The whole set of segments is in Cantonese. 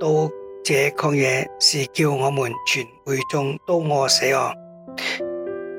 到曠野，是叫我們全會眾都餓死哦。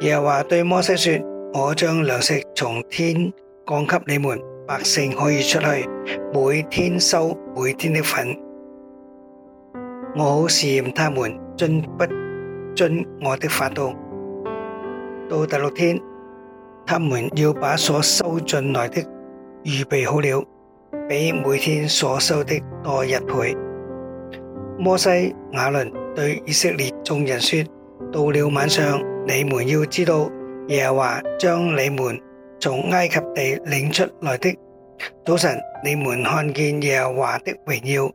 耶華對摩西說：我將糧食從天降給你們，百姓可以出去，每天收每天的份。我好試驗他們進不進我的法度。到第六天，他們要把所收進來的預備好了，比每天所收的多一倍。摩西亞倫對以色列眾人說：到了晚上，你們要知道耶華將你們從埃及地領出來的。早晨，你們看見耶華的榮耀，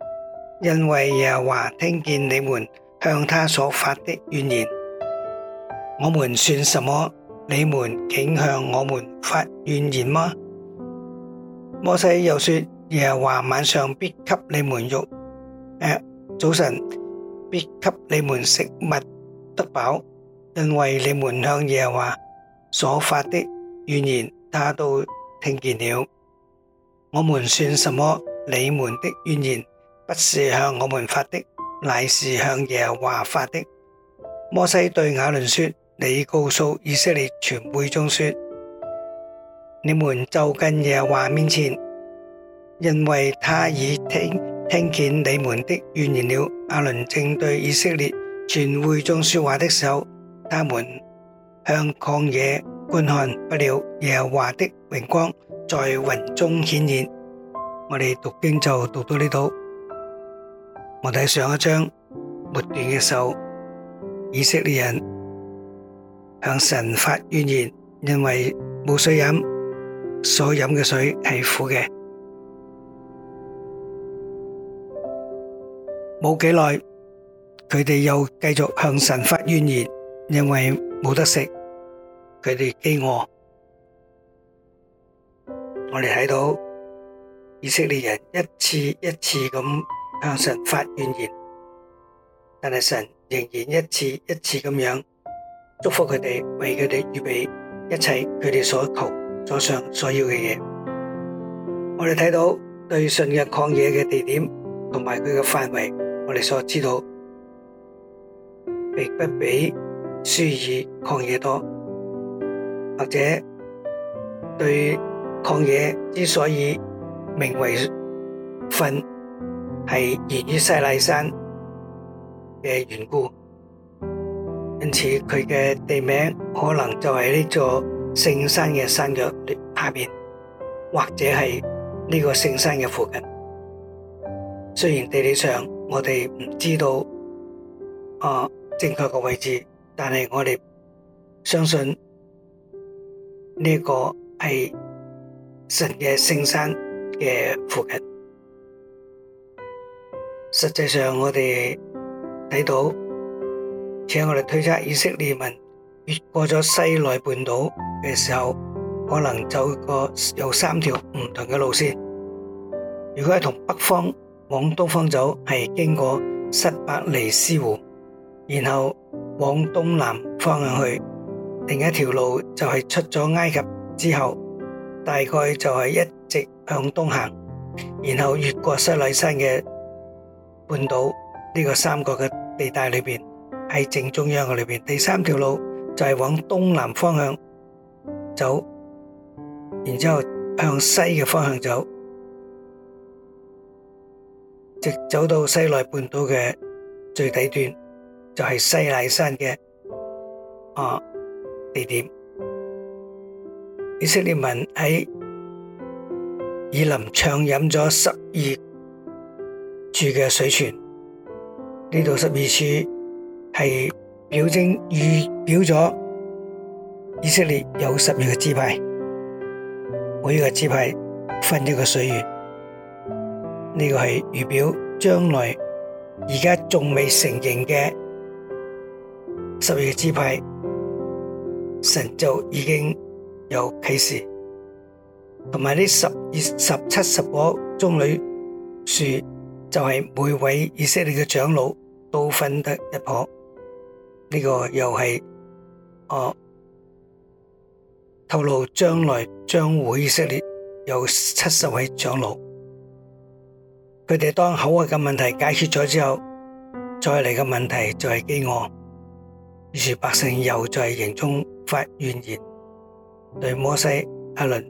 因為耶華聽見你們向他所發的怨言。我們算什麼？你們竟向我們發怨言嗎？摩西又說：耶華晚上必給你們肉。誒。早晨必給你們食物得飽，因為你們向耶華所發的怨言，他都聽見了。我們算什麼？你們的怨言不是向我們發的，乃是向耶華發的。摩西對亞倫說：你告訴以色列全會眾說，你們就近耶華面前，因為他已聽。聽見你們的怨言了。阿倫正對以色列全會眾說話的時候，他們向曠野觀看，不料耶和華的榮光在雲中顯現。我哋讀經就讀到呢度，我睇上一章，末段嘅時候，以色列人向神發怨言，因為冇水飲，所飲嘅水係苦嘅。冇幾耐，佢哋又繼續向神發怨言，因為冇得食，佢哋饑餓。我哋睇到以色列人一次一次咁向神發怨言，但係神仍然一次一次咁樣祝福佢哋，為佢哋預備一切佢哋所求所想所要嘅嘢。我哋睇到對汛嘅曠野嘅地點同埋佢嘅範圍。我哋所知道，並不比舒爾曠野多，或者對曠野之所以名為汛，係源於西奈山嘅緣故，因此佢嘅地名可能就係呢座聖山嘅山腳下面，或者係呢個聖山嘅附近。雖然地理上，我哋唔知道、啊、正確嘅位置，但係我哋相信呢個係神嘅聖山嘅附近。實際上，我哋睇到，請我哋推測以色列人越過咗西奈半島嘅時候，可能走過有三條唔同嘅路線。如果係同北方。往東方走係經過塞伯尼斯湖，然後往東南方向去。另一條路就係出咗埃及之後，大概就係一直向東行，然後越過塞里山嘅半島呢個三角嘅地帶裏邊，喺正中央嘅裏邊。第三條路就係往東南方向走，然後向西嘅方向走。直走到西奈半島嘅最底端，就係、是、西奈山嘅、啊、地點。以色列民喺以琳暢飲咗十二柱嘅水泉，呢度十二處係表徵預表咗以色列有十二個支派，每一個支派分一個水源。呢個係預表將來而家仲未成形嘅十二支派神，就已經有啟示，同埋呢十二十七十個棕櫚樹就係、是、每位以色列嘅長老都分得一棵，呢、這個又係哦、啊、透露將來將會以色列有七十位長老。佢哋當口渴嘅問題解決咗之後，再嚟嘅問題就係飢餓，於是百姓又在營中發怨言，對摩西、亞倫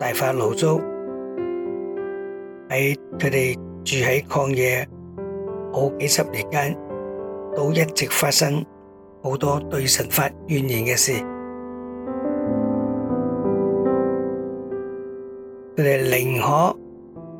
大發牢騷，喺佢哋住喺曠野好幾十年間，都一直發生好多對神發怨言嘅事，佢哋寧可。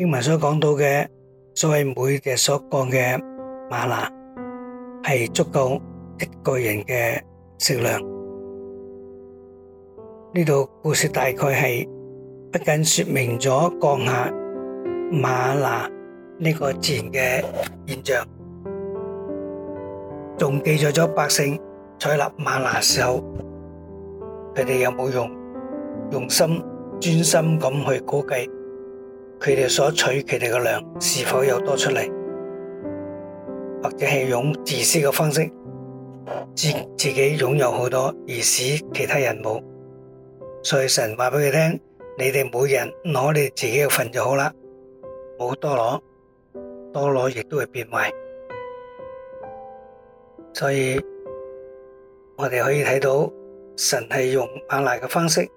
經文所講到嘅，所謂每日所降嘅嗎哪，係足夠一個人嘅食量。呢度故事大概係不僅說明咗降下嗎哪呢個自然嘅現象，仲記載咗百姓採納嗎哪時候，佢哋有冇用用心、專心咁去估計。佢哋所取佢哋嘅糧是否有多出嚟，或者係用自私嘅方式，自自己擁有好多而使其他人冇，所以神話俾佢聽：你哋每人攞你哋自己嘅份就好啦，冇多攞，多攞亦都會變壞。所以我哋可以睇到神係用馬拿嘅方式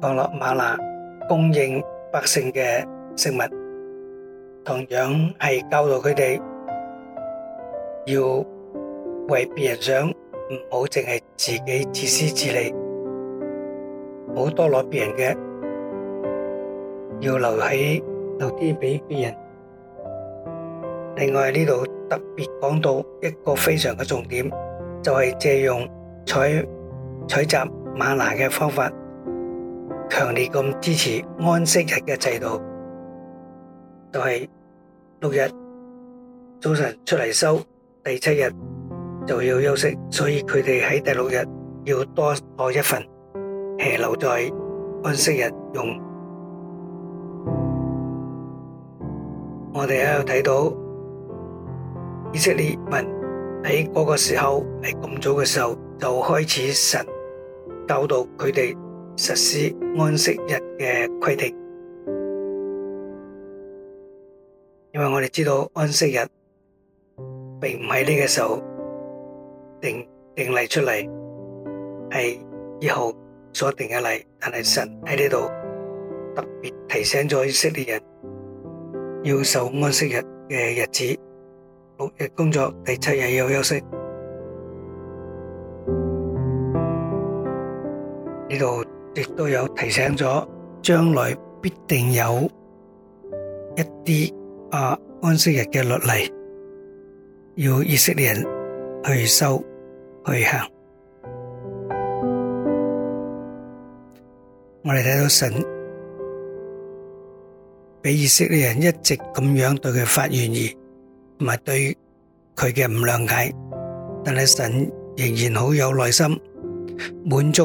降落馬拿供應百姓嘅食物，同樣係教導佢哋，要為別人想，唔好淨係自己自私自利，唔好多攞別人嘅，要留喺留啲俾別人。另外，呢度特別講到一個非常嘅重點，就係借用採採集瑪拿嘅方法。強烈咁支持安息日嘅制度，就係六日早晨出嚟收，第七日就要休息，所以佢哋喺第六日要多攞一份，係留在安息日用。我哋喺度睇到以色列民喺嗰個時候，係咁早嘅時候就開始神教導佢哋，實施安息日嘅規定，因為我哋知道安息日並唔係呢個時候定定例出嚟，係以後所定嘅例。但係神喺呢度特別提醒咗以色列人要守安息日嘅日子，六日工作，第七日要休息。呢度。亦都有提醒咗，將來必定有一啲啊安息日嘅律例，要以色列人去收去行。我哋睇到神俾以色列人一直咁樣對佢發怨言，同埋對佢嘅唔諒解，但係神仍然好有耐心，滿足。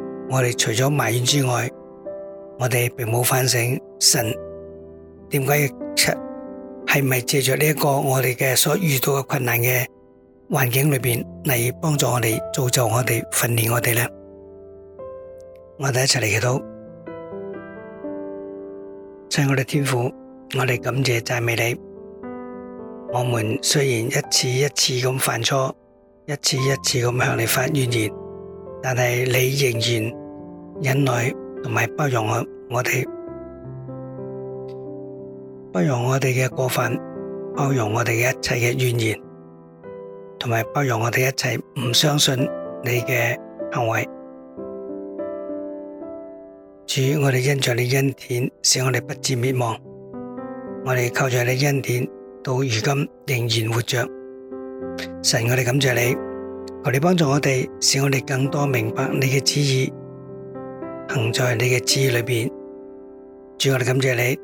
我哋除咗埋怨之外，我哋並冇反省。神，點解要出？係咪借着呢一個我哋嘅所遇到嘅困難嘅環境裏邊嚟幫助我哋，造就我哋，訓練我哋咧？我哋一齊嚟祈禱，親愛嘅天父，我哋感謝讚美你。我們雖然一次一次咁犯錯，一次一次咁向你發怨言，但係你仍然，忍耐同埋包容我哋，包容我哋嘅過分，包容我哋嘅一切嘅怨言，同埋包容我哋一切唔相信你嘅行為。主，我哋因着你恩典，使我哋不致滅亡。我哋靠着你恩典，到如今仍然活着。神，我哋感謝你，求你幫助我哋，使我哋更多明白你嘅旨意。行在你嘅旨意裏邊，主，我哋感謝你，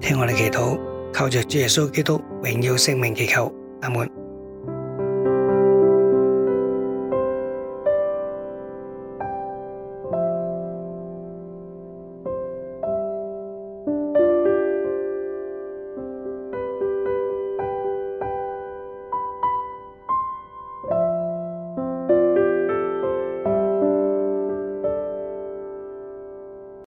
聽我哋祈禱，靠着主耶穌基督榮耀聖名祈求，阿門。